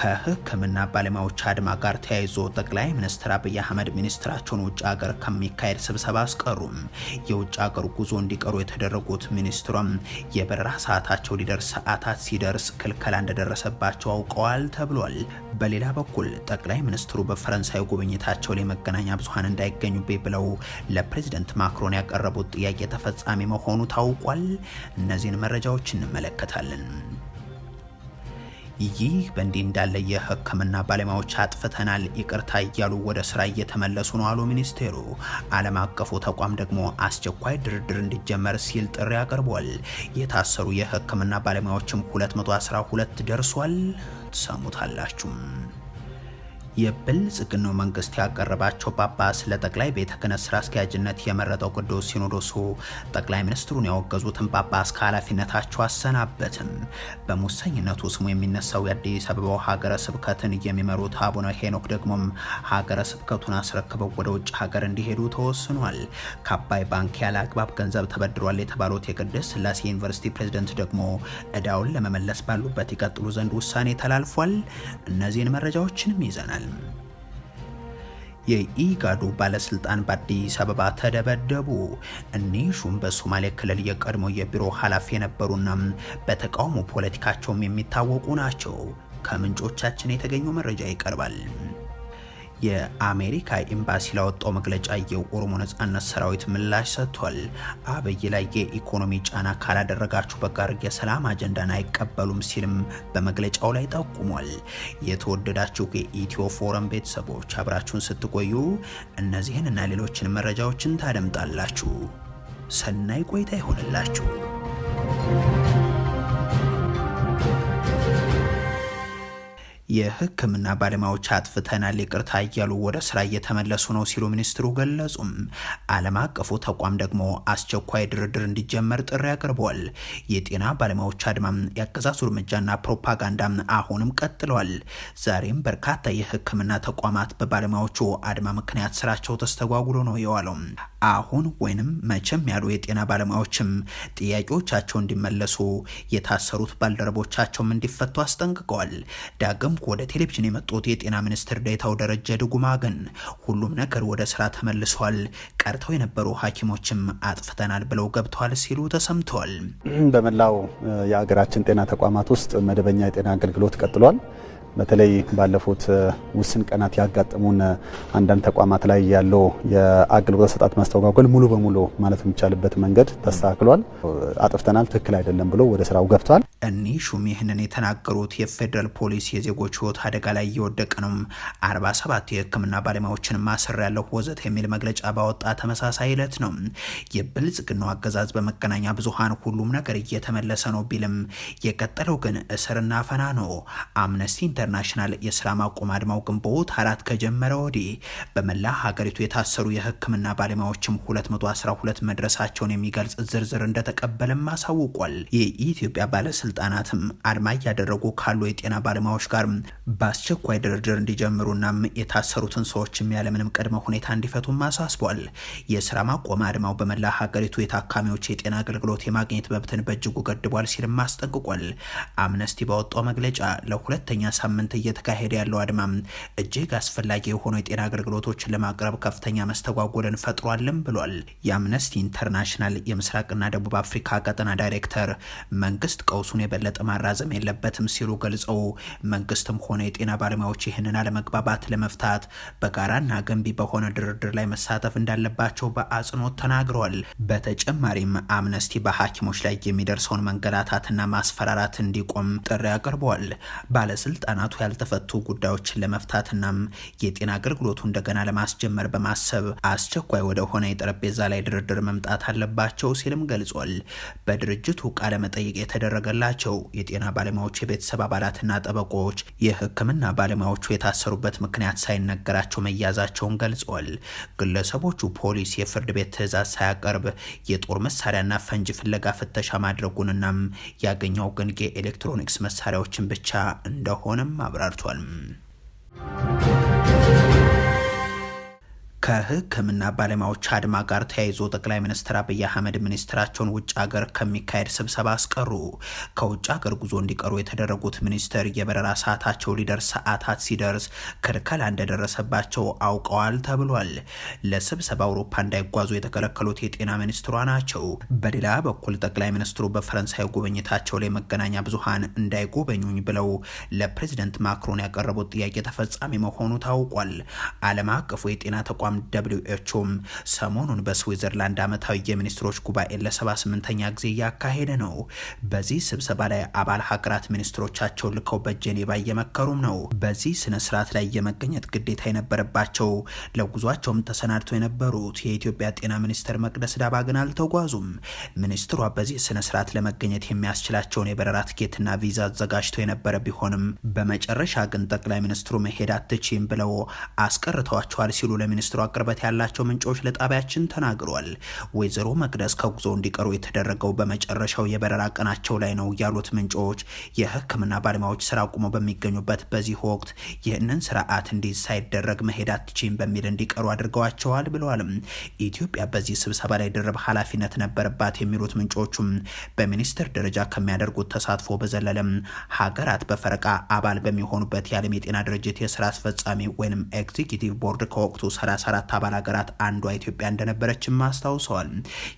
ከህክምና ባለሙያዎች አድማ ጋር ተያይዞ ጠቅላይ ሚኒስትር አብይ አህመድ ሚኒስትራቸውን ውጭ ሀገር ከሚካሄድ ስብሰባ አስቀሩም። የውጭ ሀገር ጉዞ እንዲቀሩ የተደረጉት ሚኒስትሯም የበረራ ሰዓታቸው ሊደርስ ሰዓታት ሲደርስ ክልከላ እንደደረሰባቸው አውቀዋል ተብሏል። በሌላ በኩል ጠቅላይ ሚኒስትሩ በፈረንሳይ ጉብኝታቸው ላይ መገናኛ ብዙሀን እንዳይገኙብኝ ብለው ለፕሬዚደንት ማክሮን ያቀረቡት ጥያቄ ተፈጻሚ መሆኑ ታውቋል። እነዚህን መረጃዎች እንመለከታለን። ይህ በእንዲህ እንዳለ የህክምና ባለሙያዎች አጥፍተናል ይቅርታ እያሉ ወደ ስራ እየተመለሱ ነው አሉ ሚኒስቴሩ። ዓለም አቀፉ ተቋም ደግሞ አስቸኳይ ድርድር እንዲጀመር ሲል ጥሪ አቅርቧል። የታሰሩ የህክምና ባለሙያዎችም 212 ደርሷል። ትሰሙታላችሁም። የብልጽግናው መንግስት ያቀረባቸው ጳጳስ ለጠቅላይ ቤተ ክህነት ስራ አስኪያጅነት የመረጠው ቅዱስ ሲኖዶሱ ጠቅላይ ሚኒስትሩን ያወገዙትን ጳጳስ ከኃላፊነታቸው አሰናበትም። በሙሰኝነቱ ስሙ የሚነሳው የአዲስ አበባው ሀገረ ስብከትን የሚመሩት አቡነ ሄኖክ ደግሞም ሀገረ ስብከቱን አስረክበው ወደ ውጭ ሀገር እንዲሄዱ ተወስኗል። ከአባይ ባንክ ያለ አግባብ ገንዘብ ተበድሯል የተባሉት የቅድስት ስላሴ ዩኒቨርሲቲ ፕሬዝደንት ደግሞ እዳውን ለመመለስ ባሉበት ይቀጥሉ ዘንድ ውሳኔ ተላልፏል። እነዚህን መረጃዎችንም ይዘናል። የኢጋዱ ባለስልጣን በአዲስ አበባ ተደበደቡ። እኒህ ሹም በሶማሌ ክልል የቀድሞ የቢሮ ኃላፊ የነበሩና በተቃውሞ ፖለቲካቸውም የሚታወቁ ናቸው። ከምንጮቻችን የተገኘው መረጃ ይቀርባል። የአሜሪካ ኤምባሲ ላወጣው መግለጫ የኦሮሞ ነጻነት ሰራዊት ምላሽ ሰጥቷል። አብይ ላይ የኢኮኖሚ ጫና ካላደረጋችሁ በቀር የሰላም አጀንዳን አይቀበሉም ሲልም በመግለጫው ላይ ጠቁሟል። የተወደዳችሁ የኢትዮ ፎረም ቤተሰቦች አብራችሁን ስትቆዩ እነዚህን እና ሌሎችን መረጃዎችን ታደምጣላችሁ። ሰናይ ቆይታ ይሆንላችሁ። የህክምና ባለሙያዎች አጥፍተናል ይቅርታ እያሉ ወደ ስራ እየተመለሱ ነው ሲሉ ሚኒስትሩ ገለጹም። ዓለም አቀፉ ተቋም ደግሞ አስቸኳይ ድርድር እንዲጀመር ጥሪ አቅርበዋል። የጤና ባለሙያዎች አድማም የአገዛዙ እርምጃና ፕሮፓጋንዳ አሁንም ቀጥለዋል። ዛሬም በርካታ የህክምና ተቋማት በባለሙያዎቹ አድማ ምክንያት ስራቸው ተስተጓጉሎ ነው የዋለው። አሁን ወይንም መቼም ያሉ የጤና ባለሙያዎችም ጥያቄዎቻቸው እንዲመለሱ፣ የታሰሩት ባልደረቦቻቸውም እንዲፈቱ አስጠንቅቀዋል። ዳግም ወደ ቴሌቪዥን የመጡት የጤና ሚኒስትር ዴኤታው ደረጀ ድጉማ ግን ሁሉም ነገር ወደ ስራ ተመልሷል፣ ቀርተው የነበሩ ሐኪሞችም አጥፍተናል ብለው ገብተዋል ሲሉ ተሰምተዋል። በመላው የሀገራችን ጤና ተቋማት ውስጥ መደበኛ የጤና አገልግሎት ቀጥሏል። በተለይ ባለፉት ውስን ቀናት ያጋጠሙን አንዳንድ ተቋማት ላይ ያለው የአገልግሎት አሰጣጥ ማስተጓጎል ሙሉ በሙሉ ማለት የሚቻልበት መንገድ ተስተካክሏል። አጥፍተናል፣ ትክክል አይደለም ብሎ ወደ ስራው ገብቷል። እኒህ ሹም ይህንን የተናገሩት የፌዴራል ፖሊስ የዜጎች ህይወት አደጋ ላይ እየወደቀ ነው፣ 47 የህክምና ባለሙያዎችን ማሰር ያለው ወዘት የሚል መግለጫ ባወጣ ተመሳሳይ ለት ነው። የብልጽግናው አገዛዝ በመገናኛ ብዙሃን ሁሉም ነገር እየተመለሰ ነው ቢልም የቀጠለው ግን እስርና ፈና ነው። አምነስቲ ኢንተርናሽናል የስራ ማቆም አድማው ግንቦት አራት ከጀመረ ወዲህ በመላ ሀገሪቱ የታሰሩ የህክምና ባለሙያዎችም 212 መድረሳቸውን የሚገልጽ ዝርዝር እንደተቀበለም አሳውቋል። የኢትዮጵያ ባለስልጣናትም አድማ እያደረጉ ካሉ የጤና ባለሙያዎች ጋር በአስቸኳይ ድርድር እንዲጀምሩናም የታሰሩትን ሰዎችም ያለምንም ቅድመ ሁኔታ እንዲፈቱም አሳስቧል። የስራ ማቆም አድማው በመላ ሀገሪቱ የታካሚዎች የጤና አገልግሎት የማግኘት መብትን በእጅጉ ገድቧል ሲልም አስጠንቅቋል። አምነስቲ ባወጣው መግለጫ ለሁለተኛ ሳምንት እየተካሄደ ያለው አድማ እጅግ አስፈላጊ የሆኑ የጤና አገልግሎቶችን ለማቅረብ ከፍተኛ መስተጓጎልን ፈጥሯልም ብሏል። የአምነስቲ ኢንተርናሽናል የምስራቅና ደቡብ አፍሪካ ቀጠና ዳይሬክተር መንግስት ቀውሱን የበለጠ ማራዘም የለበትም ሲሉ ገልጸው መንግስትም ሆነ የጤና ባለሙያዎች ይህንን አለመግባባት ለመፍታት በጋራና ገንቢ በሆነ ድርድር ላይ መሳተፍ እንዳለባቸው በአጽንኦት ተናግረዋል። በተጨማሪም አምነስቲ በሐኪሞች ላይ የሚደርሰውን መንገላታትና ማስፈራራት እንዲቆም ጥሪ አቅርበዋል። ባለስልጣን በቀናቱ ያልተፈቱ ጉዳዮችን ለመፍታትናም የጤና አገልግሎቱ እንደገና ለማስጀመር በማሰብ አስቸኳይ ወደሆነ የጠረጴዛ ላይ ድርድር መምጣት አለባቸው ሲልም ገልጿል። በድርጅቱ ቃለ መጠይቅ የተደረገላቸው የጤና ባለሙያዎች የቤተሰብ አባላትና ጠበቆች የሕክምና ባለሙያዎቹ የታሰሩበት ምክንያት ሳይነገራቸው መያዛቸውን ገልጿል። ግለሰቦቹ ፖሊስ የፍርድ ቤት ትዕዛዝ ሳያቀርብ የጦር መሳሪያና ፈንጅ ፍለጋ ፍተሻ ማድረጉንናም ያገኘው ግን የኤሌክትሮኒክስ መሳሪያዎችን ብቻ እንደሆነ Habrá tu ከሕክምና ባለሙያዎች አድማ ጋር ተያይዞ ጠቅላይ ሚኒስትር አብይ አህመድ ሚኒስትራቸውን ውጭ ሀገር ከሚካሄድ ስብሰባ አስቀሩ። ከውጭ ሀገር ጉዞ እንዲቀሩ የተደረጉት ሚኒስትር የበረራ ሰዓታቸው ሊደርስ ሰዓታት ሲደርስ ክልከላ እንደደረሰባቸው አውቀዋል ተብሏል። ለስብሰባ አውሮፓ እንዳይጓዙ የተከለከሉት የጤና ሚኒስትሯ ናቸው። በሌላ በኩል ጠቅላይ ሚኒስትሩ በፈረንሳይ ጉብኝታቸው ላይ መገናኛ ብዙሃን እንዳይጎበኙኝ ብለው ለፕሬዚደንት ማክሮን ያቀረቡት ጥያቄ ተፈጻሚ መሆኑ ታውቋል። ዓለም አቀፉ የጤና ተቋም ደብሊው ኤችኦም ሰሞኑን በስዊዘርላንድ ዓመታዊ የሚኒስትሮች ጉባኤ ለ78ኛ ጊዜ እያካሄደ ነው። በዚህ ስብሰባ ላይ አባል ሀገራት ሚኒስትሮቻቸውን ልከው በጄኔቫ እየመከሩም ነው። በዚህ ስነ ስርዓት ላይ የመገኘት ግዴታ የነበረባቸው ለጉዟቸውም ተሰናድተው የነበሩት የኢትዮጵያ ጤና ሚኒስትር መቅደስ ዳባ ግን አልተጓዙም። ሚኒስትሯ በዚህ ስነ ስርዓት ለመገኘት የሚያስችላቸውን የበረራ ትኬትና ቪዛ አዘጋጅተው የነበረ ቢሆንም በመጨረሻ ግን ጠቅላይ ሚኒስትሩ መሄድ አትችም ብለው አስቀርተዋቸዋል ሲሉ ለሚኒስትሯ ቅርበት ያላቸው ምንጮች ለጣቢያችን ተናግሯል። ወይዘሮ መቅደስ ከጉዞ እንዲቀሩ የተደረገው በመጨረሻው የበረራ ቀናቸው ላይ ነው ያሉት ምንጮች የሕክምና ባለሙያዎች ስራ አቁመው በሚገኙበት በዚህ ወቅት ይህንን ስርዓት እንዲህ ሳይደረግ መሄድ አትችም በሚል እንዲቀሩ አድርገዋቸዋል ብለዋል። ኢትዮጵያ በዚህ ስብሰባ ላይ ድርብ ኃላፊነት ነበረባት የሚሉት ምንጮቹም በሚኒስትር ደረጃ ከሚያደርጉት ተሳትፎ በዘለለም ሀገራት በፈረቃ አባል በሚሆኑበት የዓለም የጤና ድርጅት የስራ አስፈጻሚ ወይም ኤግዚኪቲቭ ቦርድ ከወቅቱ 34 ከአራት አባል ሀገራት አንዷ ኢትዮጵያ እንደነበረችም አስታውሰዋል።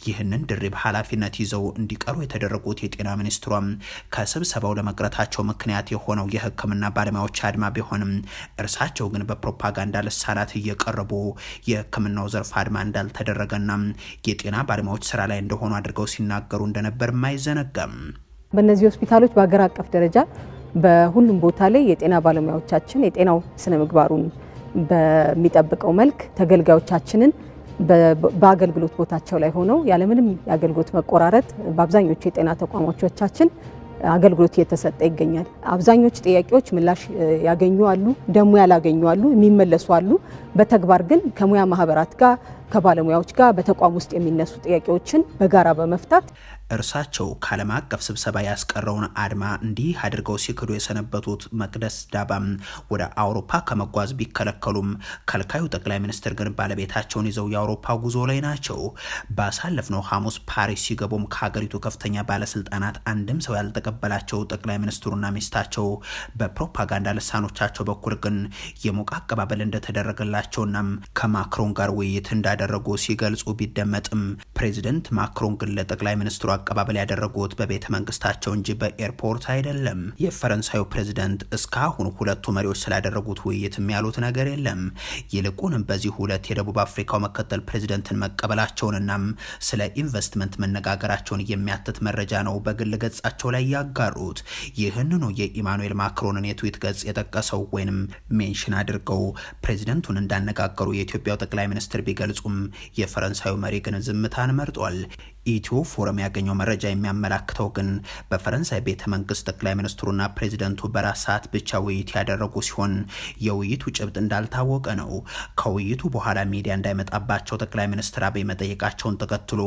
ይህንን ድርብ ኃላፊነት ይዘው እንዲቀሩ የተደረጉት የጤና ሚኒስትሯም ከስብሰባው ለመቅረታቸው ምክንያት የሆነው የሕክምና ባለሙያዎች አድማ ቢሆንም እርሳቸው ግን በፕሮፓጋንዳ ልሳናት እየቀረቡ የሕክምናው ዘርፍ አድማ እንዳልተደረገና የጤና ባለሙያዎች ስራ ላይ እንደሆኑ አድርገው ሲናገሩ እንደነበርም አይዘነጋም። በእነዚህ ሆስፒታሎች በሀገር አቀፍ ደረጃ በሁሉም ቦታ ላይ የጤና ባለሙያዎቻችን የጤናው ስነ ምግባሩን በሚጠብቀው መልክ ተገልጋዮቻችንን በአገልግሎት ቦታቸው ላይ ሆነው ያለምንም የአገልግሎት መቆራረጥ በአብዛኞቹ የጤና ተቋሞቻችን አገልግሎት እየተሰጠ ይገኛል። አብዛኞቹ ጥያቄዎች ምላሽ ያገኙ አሉ፣ ደግሞ ያላገኙ አሉ፣ የሚመለሱ አሉ። በተግባር ግን ከሙያ ማህበራት ጋር ከባለሙያዎች ጋር በተቋም ውስጥ የሚነሱ ጥያቄዎችን በጋራ በመፍታት እርሳቸው ከዓለም አቀፍ ስብሰባ ያስቀረውን አድማ እንዲህ አድርገው ሲክዱ የሰነበቱት መቅደስ ዳባም ወደ አውሮፓ ከመጓዝ ቢከለከሉም ከልካዩ ጠቅላይ ሚኒስትር ግን ባለቤታቸውን ይዘው የአውሮፓ ጉዞ ላይ ናቸው። ባሳለፍነው ሐሙስ ፓሪስ ሲገቡም ከሀገሪቱ ከፍተኛ ባለስልጣናት አንድም ሰው ያልተቀበላቸው ጠቅላይ ሚኒስትሩና ሚስታቸው በፕሮፓጋንዳ ልሳኖቻቸው በኩል ግን የሞቀ አቀባበል እንደተደረገላቸውናም ከማክሮን ጋር ውይይት እንዳደረጉ ሲገልጹ ቢደመጥም ፕሬዚደንት ማክሮን ግን ለጠቅላይ ሚኒስትሩ አቀባበል ያደረጉት በቤተ መንግስታቸው እንጂ በኤርፖርት አይደለም። የፈረንሳዩ ፕሬዚደንት እስካሁን ሁለቱ መሪዎች ስላደረጉት ውይይትም ያሉት ነገር የለም። ይልቁንም በዚህ ሁለት የደቡብ አፍሪካው መከተል ፕሬዚደንትን መቀበላቸውንና ስለ ኢንቨስትመንት መነጋገራቸውን የሚያትት መረጃ ነው በግል ገጻቸው ላይ ያጋሩት። ይህንኑ የኢማኑኤል ማክሮንን የትዊት ገጽ የጠቀሰው ወይንም ሜንሽን አድርገው ፕሬዚደንቱን እንዳነጋገሩ የኢትዮጵያው ጠቅላይ ሚኒስትር ቢገልጹም የፈረንሳዩ መሪ ግን ዝምታን መርጧል። ኢትዮ ፎረም ያገኘው መረጃ የሚያመላክተው ግን በፈረንሳይ ቤተ መንግስት ጠቅላይ ሚኒስትሩና ፕሬዚደንቱ በራስ ሰዓት ብቻ ውይይት ያደረጉ ሲሆን የውይይቱ ጭብጥ እንዳልታወቀ ነው። ከውይይቱ በኋላ ሚዲያ እንዳይመጣባቸው ጠቅላይ ሚኒስትር አብይ መጠየቃቸውን ተከትሎ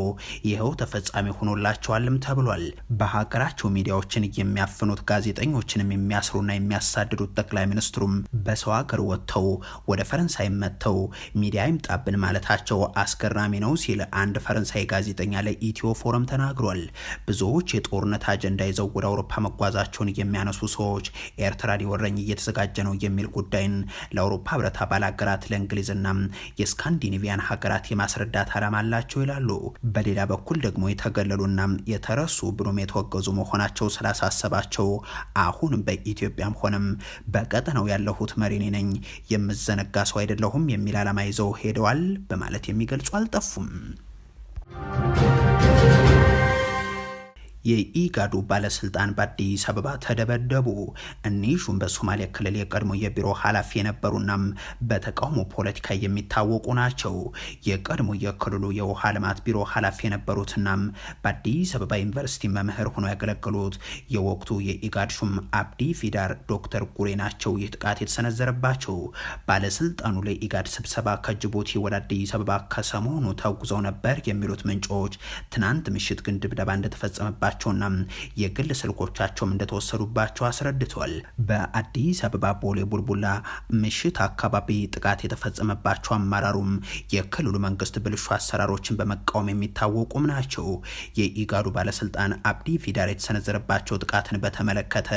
ይኸው ተፈጻሚ ሆኖላቸዋልም ተብሏል። በሀገራቸው ሚዲያዎችን የሚያፍኑት ጋዜጠኞችንም የሚያስሩና የሚያሳድዱት ጠቅላይ ሚኒስትሩም በሰው ሀገር ወጥተው ወደ ፈረንሳይ መጥተው ሚዲያ ይምጣብን ማለታቸው አስገራሚ ነው ሲል አንድ ፈረንሳይ ጋዜጠኛ ለ ለኢትዮ ፎረም ተናግሯል። ብዙዎች የጦርነት አጀንዳ ይዘው ወደ አውሮፓ መጓዛቸውን የሚያነሱ ሰዎች ኤርትራ ሊወረኝ እየተዘጋጀ ነው የሚል ጉዳይን ለአውሮፓ ህብረት አባል ሀገራት ለእንግሊዝና የስካንዲኔቪያን ሀገራት የማስረዳት ዓላማ አላቸው ይላሉ። በሌላ በኩል ደግሞ የተገለሉና የተረሱ ብሎም የተወገዙ መሆናቸው ስላሳሰባቸው አሁን በኢትዮጵያም ሆነም በቀጠናው ያለሁት መሪኔ ነኝ የምዘነጋ ሰው አይደለሁም የሚል አላማ ይዘው ሄደዋል በማለት የሚገልጹ አልጠፉም። የኢጋዱ ባለስልጣን በአዲስ አበባ ተደበደቡ። እኒህ ሹም በሶማሌ ክልል የቀድሞ የቢሮ ኃላፊ የነበሩናም በተቃውሞ ፖለቲካ የሚታወቁ ናቸው። የቀድሞ የክልሉ የውሃ ልማት ቢሮ ኃላፊ የነበሩትናም በአዲስ አበባ ዩኒቨርሲቲ መምህር ሆኖ ያገለገሉት የወቅቱ የኢጋድ ሹም አብዲ ፊዳር ዶክተር ጉሬ ናቸው። ይህ ጥቃት የተሰነዘረባቸው ባለስልጣኑ ለኢጋድ ስብሰባ ከጅቡቲ ወደ አዲስ አበባ ከሰሞኑ ተጉዘው ነበር የሚሉት ምንጮች ትናንት ምሽት ግን ድብደባ እንደተፈጸመባቸው መያዛቸውና የግል ስልኮቻቸውም እንደተወሰዱባቸው አስረድተዋል። በአዲስ አበባ ቦሌ ቡልቡላ ምሽት አካባቢ ጥቃት የተፈጸመባቸው አመራሩም የክልሉ መንግስት ብልሹ አሰራሮችን በመቃወም የሚታወቁም ናቸው። የኢጋዱ ባለስልጣን አብዲ ፊዳር የተሰነዘረባቸው ጥቃትን በተመለከተ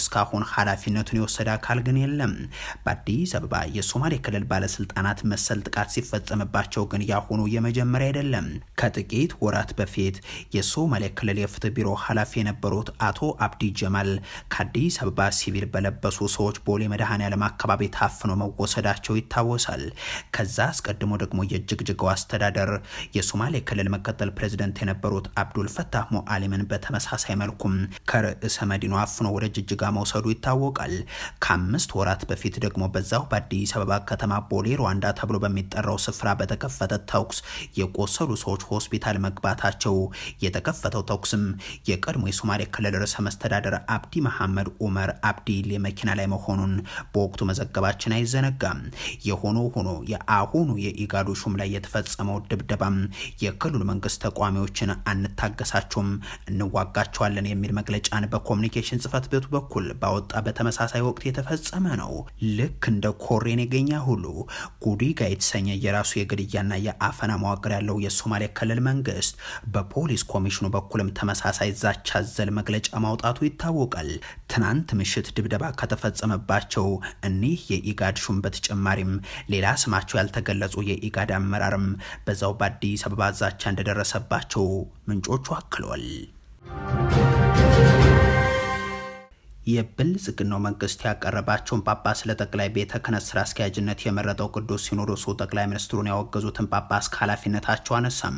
እስካሁን ኃላፊነቱን የወሰደ አካል ግን የለም። በአዲስ አበባ የሶማሌ ክልል ባለስልጣናት መሰል ጥቃት ሲፈጸምባቸው ግን ያሁኑ የመጀመሪያ አይደለም። ከጥቂት ወራት በፊት የሶማሌ ክልል የፍትህ ቢሮ ኃላፊ የነበሩት አቶ አብዲ ጀማል ከአዲስ አበባ ሲቪል በለበሱ ሰዎች ቦሌ መድኃኔዓለም አካባቢ ታፍኖ መወሰዳቸው ይታወሳል። ከዛ አስቀድሞ ደግሞ የጅግጅጋው አስተዳደር የሶማሌ ክልል መቀጠል ፕሬዚደንት የነበሩት አብዱልፈታህ ሞአሊምን በተመሳሳይ መልኩም ከርዕሰ መዲኖ አፍኖ ወደ ጅጅጋ መውሰዱ ይታወቃል። ከአምስት ወራት በፊት ደግሞ በዛው በአዲስ አበባ ከተማ ቦሌ ሩዋንዳ ተብሎ በሚጠራው ስፍራ በተከፈተ ተኩስ የቆሰሉ ሰዎች ሆስፒታል መግባታቸው የተከፈተው ተኩስም የቀድሞ የሶማሌ ክልል ርዕሰ መስተዳደር አብዲ መሐመድ ኡመር አብዲ መኪና ላይ መሆኑን በወቅቱ መዘገባችን አይዘነጋም። የሆኖ ሆኖ የአሁኑ የኢጋዱ ሹም ላይ የተፈጸመው ድብደባም የክልሉ መንግስት ተቋሚዎችን አንታገሳቸውም፣ እንዋጋቸዋለን የሚል መግለጫን በኮሚኒኬሽን ጽህፈት ቤቱ በኩል ባወጣ በተመሳሳይ ወቅት የተፈጸመ ነው። ልክ እንደ ኮሬን የገኛ ሁሉ ጉዲጋ የተሰኘ የራሱ የግድያና የአፈና መዋቅር ያለው የሶማሌ ክልል መንግስት በፖሊስ ኮሚሽኑ በኩልም ተመሳሳይ ተመሳሳይ ዛቻ አዘል መግለጫ ማውጣቱ ይታወቃል። ትናንት ምሽት ድብደባ ከተፈጸመባቸው እኒህ የኢጋድ ሹም በተጨማሪም ሌላ ስማቸው ያልተገለጹ የኢጋድ አመራርም በዛው በአዲስ አበባ ዛቻ እንደደረሰባቸው ምንጮቹ አክለዋል። የብልጽግናው መንግስት ያቀረባቸውን ጳጳስ ለጠቅላይ ቤተ ክህነት ስራ አስኪያጅነት የመረጠው ቅዱስ ሲኖዶሱ ጠቅላይ ሚኒስትሩን ያወገዙትን ጳጳስ ከኃላፊነታቸው አነሳም።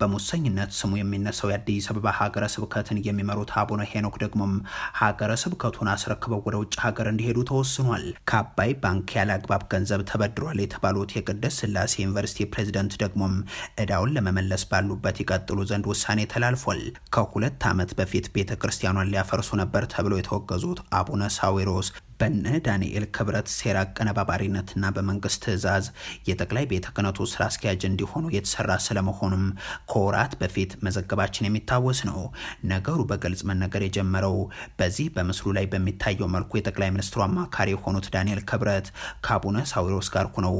በሙሰኝነት ስሙ የሚነሳው የአዲስ አበባ ሀገረ ስብከትን የሚመሩት አቡነ ሄኖክ ደግሞም ሀገረ ስብከቱን አስረክበው ወደ ውጭ ሀገር እንዲሄዱ ተወስኗል። ከአባይ ባንክ ያለ አግባብ ገንዘብ ተበድሯል የተባሉት የቅድስት ስላሴ ዩኒቨርሲቲ ፕሬዚደንት ደግሞም እዳውን ለመመለስ ባሉበት ይቀጥሉ ዘንድ ውሳኔ ተላልፏል። ከሁለት ዓመት በፊት ቤተ ክርስቲያኗን ሊያፈርሱ ነበር ተብሎ የተወገዙ የተጓዙት አቡነ ሳዊሮስ በነ ዳንኤል ክብረት ሴራ አቀነባባሪነትና በመንግስት ትዕዛዝ የጠቅላይ ቤተ ክህነቱ ስራ አስኪያጅ እንዲሆኑ የተሰራ ስለመሆኑም ከወራት በፊት መዘገባችን የሚታወስ ነው። ነገሩ በግልጽ መነገር የጀመረው በዚህ በምስሉ ላይ በሚታየው መልኩ የጠቅላይ ሚኒስትሩ አማካሪ የሆኑት ዳንኤል ክብረት ከአቡነ ሳዊሮስ ጋር ሆነው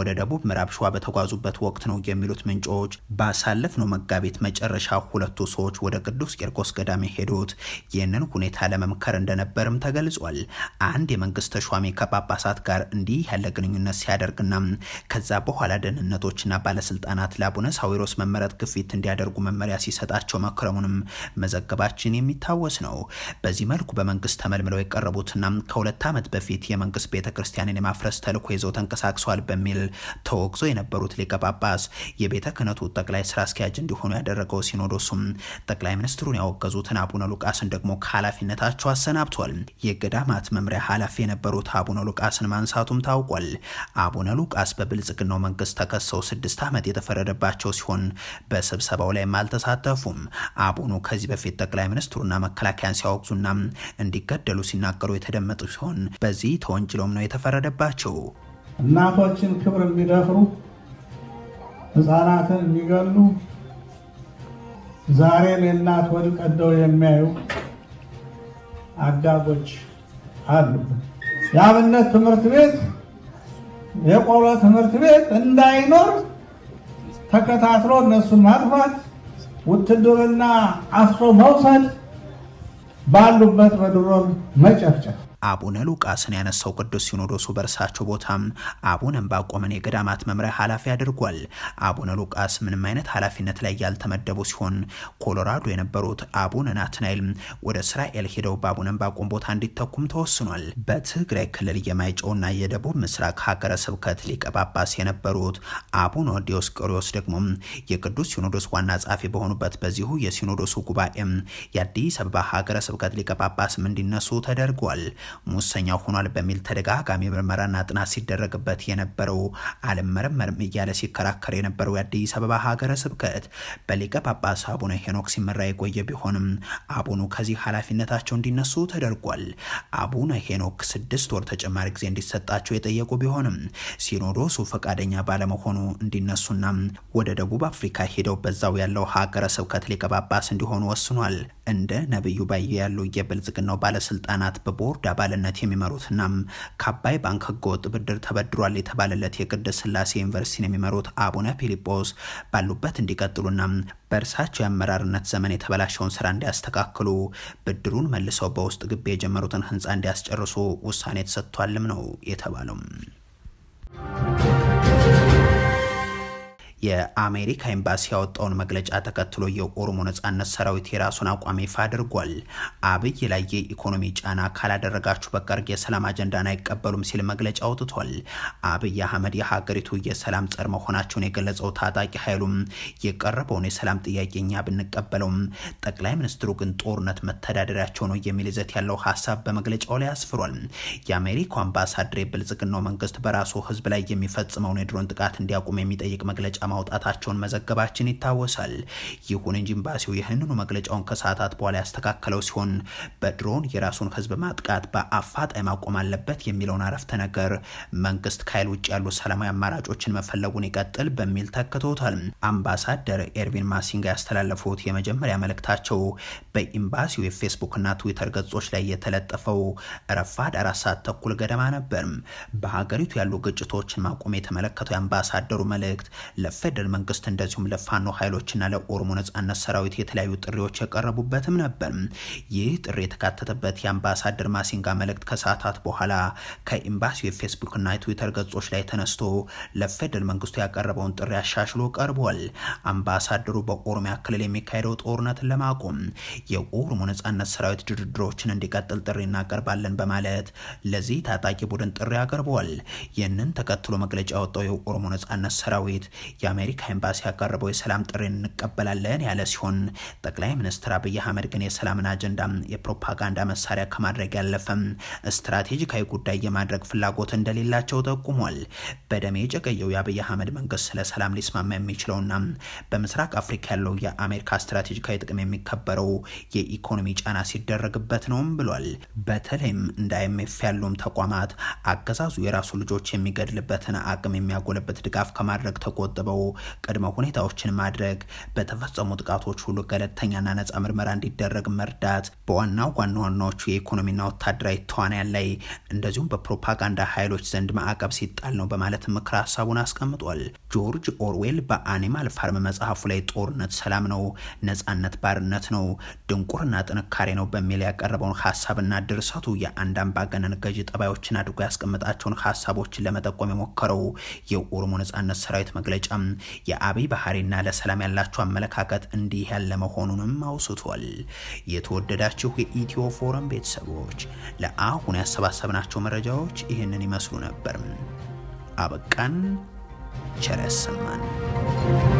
ወደ ደቡብ ምዕራብ ሸዋ በተጓዙበት ወቅት ነው የሚሉት ምንጮች። ባሳለፍነው መጋቢት መጨረሻ ሁለቱ ሰዎች ወደ ቅዱስ ቂርቆስ ገዳም የሄዱት ይህንን ሁኔታ ለመምከር እንደነበርም ተገልጿል። አንድ የመንግስት ተሿሚ ከጳጳሳት ጋር እንዲህ ያለ ግንኙነት ሲያደርግና ከዛ በኋላ ደህንነቶችና ባለስልጣናት ለአቡነ ሳዊሮስ መመረጥ ግፊት እንዲያደርጉ መመሪያ ሲሰጣቸው መክረሙንም መዘገባችን የሚታወስ ነው። በዚህ መልኩ በመንግስት ተመልምለው የቀረቡትና ከሁለት ዓመት በፊት የመንግስት ቤተ ክርስቲያንን የማፍረስ ተልኮ ይዘው ተንቀሳቅሷል በሚል ተወግዞ የነበሩት ሊቀ ጳጳስ የቤተ ክህነቱ ጠቅላይ ስራ አስኪያጅ እንዲሆኑ ያደረገው ሲኖዶሱም ጠቅላይ ሚኒስትሩን ያወገዙትን አቡነ ሉቃስን ደግሞ ከኃላፊነታቸው አሰናብቷል። የገዳማት መምሪያ ኃላፊ የነበሩት አቡነ ሉቃስን ማንሳቱም ታውቋል። አቡነ ሉቃስ በብልጽግናው መንግስት ተከሰው ስድስት ዓመት የተፈረደባቸው ሲሆን በስብሰባው ላይም አልተሳተፉም። አቡኑ ከዚህ በፊት ጠቅላይ ሚኒስትሩና መከላከያን ሲያወግዙና እንዲገደሉ ሲናገሩ የተደመጡ ሲሆን በዚህ ተወንጅሎም ነው የተፈረደባቸው። እናቶችን ክብር የሚደፍሩ ህፃናትን የሚገሉ ዛሬም የእናት ወድ ቀደው የሚያዩ አዳጎች አሉ። የአብነት ትምህርት ቤት የቆሎ ትምህርት ቤት እንዳይኖር ተከታትሎ እነሱን ማጥፋት፣ ውትድርና አፍሶ መውሰድ፣ ባሉበት በድሮን መጨፍጨፍ አቡነ ሉቃስን ያነሳው ቅዱስ ሲኖዶሱ በእርሳቸው ቦታም አቡነ ዕንባቆምን የገዳማት መምሪያ ኃላፊ አድርጓል። አቡነ ሉቃስ ምንም አይነት ኃላፊነት ላይ ያልተመደቡ ሲሆን ኮሎራዶ የነበሩት አቡነ ናትናኤል ወደ እስራኤል ሄደው በአቡነ ዕንባቆም ቦታ እንዲተኩም ተወስኗል። በትግራይ ክልል የማይጨውና የደቡብ ምስራቅ ሀገረ ስብከት ሊቀ ጳጳስ የነበሩት አቡነ ዲዮስቆሪዎስ ደግሞ የቅዱስ ሲኖዶስ ዋና ጸሐፊ በሆኑበት በዚሁ የሲኖዶሱ ጉባኤም የአዲስ አበባ ሀገረ ስብከት ሊቀ ጳጳስም እንዲነሱ ተደርጓል። ሙሰኛ ሆኗል በሚል ተደጋጋሚ ምርመራና ጥናት ሲደረግበት የነበረው አልመረመርም እያለ ሲከራከር የነበረው የአዲስ አበባ ሀገረ ስብከት በሊቀ ጳጳስ አቡነ ሄኖክ ሲመራ የቆየ ቢሆንም አቡኑ ከዚህ ኃላፊነታቸው እንዲነሱ ተደርጓል። አቡነ ሄኖክ ስድስት ወር ተጨማሪ ጊዜ እንዲሰጣቸው የጠየቁ ቢሆንም ሲኖዶሱ ፈቃደኛ ባለመሆኑ እንዲነሱና ወደ ደቡብ አፍሪካ ሄደው በዛው ያለው ሀገረ ስብከት ሊቀ ጳጳስ እንዲሆኑ ወስኗል። እንደ ነብዩ ባየ ያሉ የብልጽግናው ባለስልጣናት በቦርድ የሚመሩት የሚመሩትና ከአባይ ባንክ ህገወጥ ብድር ተበድሯል የተባለለት የቅድስት ስላሴ ዩኒቨርሲቲን የሚመሩት አቡነ ፊልጶስ ባሉበት እንዲቀጥሉና በእርሳቸው የአመራርነት ዘመን የተበላሸውን ስራ እንዲያስተካክሉ ብድሩን መልሰው በውስጥ ግቢ የጀመሩትን ህንፃ እንዲያስጨርሱ ውሳኔ ተሰጥቷልም ነው የተባለው። የአሜሪካ ኤምባሲ ያወጣውን መግለጫ ተከትሎ የኦሮሞ ነጻነት ሰራዊት የራሱን አቋም ይፋ አድርጓል። አብይ ላይ የኢኮኖሚ ጫና ካላደረጋችሁ በቀር የሰላም አጀንዳን አይቀበሉም ሲል መግለጫ አውጥቷል። አብይ አህመድ የሀገሪቱ የሰላም ጸር መሆናቸውን የገለጸው ታጣቂ ኃይሉም የቀረበውን የሰላም ጥያቄ እኛ ብንቀበለውም ጠቅላይ ሚኒስትሩ ግን ጦርነት መተዳደሪያቸው ነው የሚል ይዘት ያለው ሀሳብ በመግለጫው ላይ አስፍሯል። የአሜሪካው አምባሳደር የብልጽግናው መንግስት በራሱ ህዝብ ላይ የሚፈጽመውን የድሮን ጥቃት እንዲያቁም የሚጠይቅ መግለጫ ማውጣታቸውን መዘገባችን ይታወሳል። ይሁን እንጂ ኤምባሲው ይህንኑ መግለጫውን ከሰዓታት በኋላ ያስተካከለው ሲሆን በድሮን የራሱን ህዝብ ማጥቃት በአፋጣኝ ማቆም አለበት የሚለውን አረፍተ ነገር መንግስት ከኃይል ውጭ ያሉ ሰላማዊ አማራጮችን መፈለጉን ይቀጥል በሚል ተክቶታል። አምባሳደር ኤርቪን ማሲንጋ ያስተላለፉት የመጀመሪያ መልእክታቸው በኤምባሲው የፌስቡክና ትዊተር ገጾች ላይ የተለጠፈው ረፋድ አራት ሰዓት ተኩል ገደማ ነበር። በሀገሪቱ ያሉ ግጭቶችን ማቆም የተመለከተው የአምባሳደሩ መልእክት ለፌደራል መንግስት እንደዚሁም ለፋኖ ኃይሎችና ለኦሮሞ ነጻነት ሰራዊት የተለያዩ ጥሪዎች የቀረቡበትም ነበር። ይህ ጥሪ የተካተተበት የአምባሳደር ማሲንጋ መልእክት ከሰዓታት በኋላ ከኤምባሲው የፌስቡክና የትዊተር ገጾች ላይ ተነስቶ ለፌደራል መንግስቱ ያቀረበውን ጥሪ አሻሽሎ ቀርቧል። አምባሳደሩ በኦሮሚያ ክልል የሚካሄደው ጦርነት ለማቆም የኦሮሞ ነጻነት ሰራዊት ድርድሮችን እንዲቀጥል ጥሪ እናቀርባለን በማለት ለዚህ ታጣቂ ቡድን ጥሪ አቅርበዋል። ይህንን ተከትሎ መግለጫ ያወጣው የኦሮሞ ነጻነት ሰራዊት የአሜሪካ ኤምባሲ ያቀረበው የሰላም ጥሪ እንቀበላለን ያለ ሲሆን ጠቅላይ ሚኒስትር አብይ አህመድ ግን የሰላምን አጀንዳ የፕሮፓጋንዳ መሳሪያ ከማድረግ ያለፈም ስትራቴጂካዊ ጉዳይ የማድረግ ፍላጎት እንደሌላቸው ጠቁሟል። በደሜ የጨቀየው የአብይ አህመድ መንግስት ስለ ሰላም ሊስማማ የሚችለውና በምስራቅ አፍሪካ ያለው የአሜሪካ ስትራቴጂካዊ ጥቅም የሚከበረው የኢኮኖሚ ጫና ሲደረግበት ነውም ብሏል። በተለይም እንደ አይኤምኤፍ ያሉም ተቋማት አገዛዙ የራሱ ልጆች የሚገድልበትን አቅም የሚያጎለበት ድጋፍ ከማድረግ ተቆጥበው ቅድመ ሁኔታዎችን ማድረግ፣ በተፈጸሙ ጥቃቶች ሁሉ ገለልተኛና ነጻ ምርመራ እንዲደረግ መርዳት፣ በዋና ዋና ዋናዎቹ የኢኮኖሚና ወታደራዊ ተዋንያን ላይ እንደዚሁም በፕሮፓጋንዳ ኃይሎች ዘንድ ማዕቀብ ሲጣል ነው በማለት ምክር ሀሳቡን አስቀምጧል። ጆርጅ ኦርዌል በአኒማል ፋርም መጽሐፉ ላይ ጦርነት ሰላም ነው፣ ነጻነት ባርነት ነው፣ ድንቁርና ጥንካሬ ነው በሚል ያቀረበውን ሀሳብና ድርሰቱ የአንድ አምባገነን ገዢ ጠባዮችን አድርጎ ያስቀምጣቸውን ሀሳቦችን ለመጠቆም የሞከረው የኦሮሞ ነጻነት ሰራዊት መግለጫም የአብይ ባህሪና ለሰላም ያላቸው አመለካከት እንዲህ ያለ መሆኑንም አውስቷል። የተወደዳችሁ የኢትዮ ፎረም ቤተሰቦች ለአሁን ያሰባሰብናቸው መረጃዎች ይህንን ይመስሉ ነበር። አበቃን። ቸር ያሰማን።